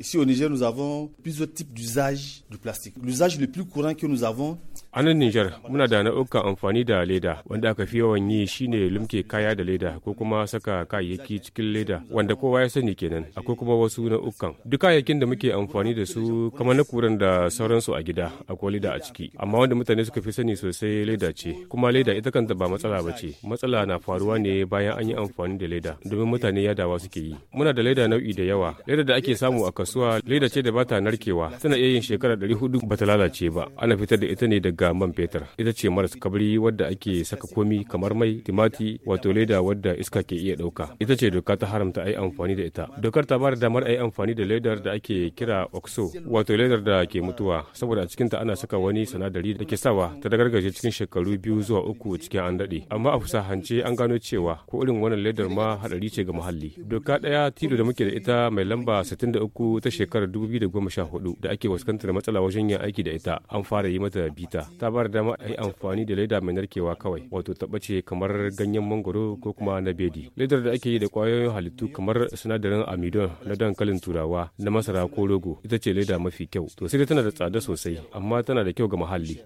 Ici au Niger, nous avons plusieurs types d'usages du plastique. L'usage le plus courant que nous avons, A nan Nijar muna da nau'ukan amfani da leda wanda aka fi yawan yi shine lumke kaya da leda ko kuma saka kayayyaki cikin leda wanda kowa ya sani kenan akwai kuma wasu nau'ukan. Duk kayayyakin da muke amfani da su kamar na kuran da sauransu a gida akwai leda a ciki amma wanda mutane suka fi sani sosai leda ce kuma leda ita kanta ba matsala ba ce matsala na faruwa ne bayan an yi amfani da leda domin mutane yadawa suke yi. Muna da leda nau'i da yawa leda da ake samu a kasuwa leda ce da bata narkewa tana iya yin shekara 400 ta lalace ba ana fitar da ita ne daga ga man fetur ita ce maras kabri wadda ake saka komi kamar mai timati wato leda wadda iska ke iya dauka ita ce doka ta haramta ai amfani da ita dokar ta bada damar ai amfani da ledar da ake kira oxo wato ledar da ke mutuwa saboda a cikin ta ana saka wani sanadari da ke sawa ta da dagargaje cikin shekaru biyu zuwa uku cikin an daɗe amma a fusahance an gano cewa ko irin wannan ledar ma hadari ce ga muhalli doka ɗaya tilo da muke da ita mai lamba 63 ta shekarar 2014 da ake da matsala wajen yin aiki da ita an fara yi mata bita ta bar da ma a yi amfani da leda mai narkewa kawai wato tabbace kamar ganyen mangoro ko kuma na bedi ledar da ake yi da kwayoyin halittu kamar sinadarin amidon na dankalin turawa na masara ko rogo ita ce leda mafi kyau to sai tana da tsada sosai amma tana da kyau ga muhalli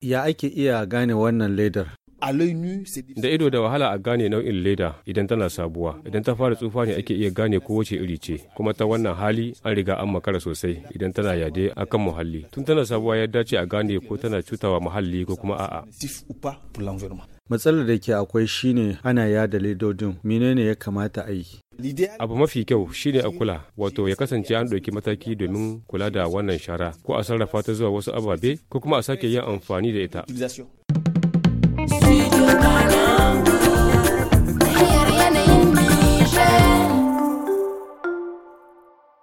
ya ake iya gane wannan ledar da ido da wahala a gane nau'in leda idan tana sabuwa idan ta fara tsufa ne ake iya gane ko kowace iri ce kuma ta wannan hali an riga an makara sosai idan tana yade akan muhalli tun tana sabuwa ya dace a gane ko tana cutawa muhalli ko kuma a'a matsalar da ke akwai shine ana yada ledodin menene ya kamata a yi abu mafi kyau shine a kula wato ya kasance an ɗauki mataki domin kula da wannan shara ko a sarrafa ta zuwa wasu ababe ko kuma a sake yin amfani da ita video,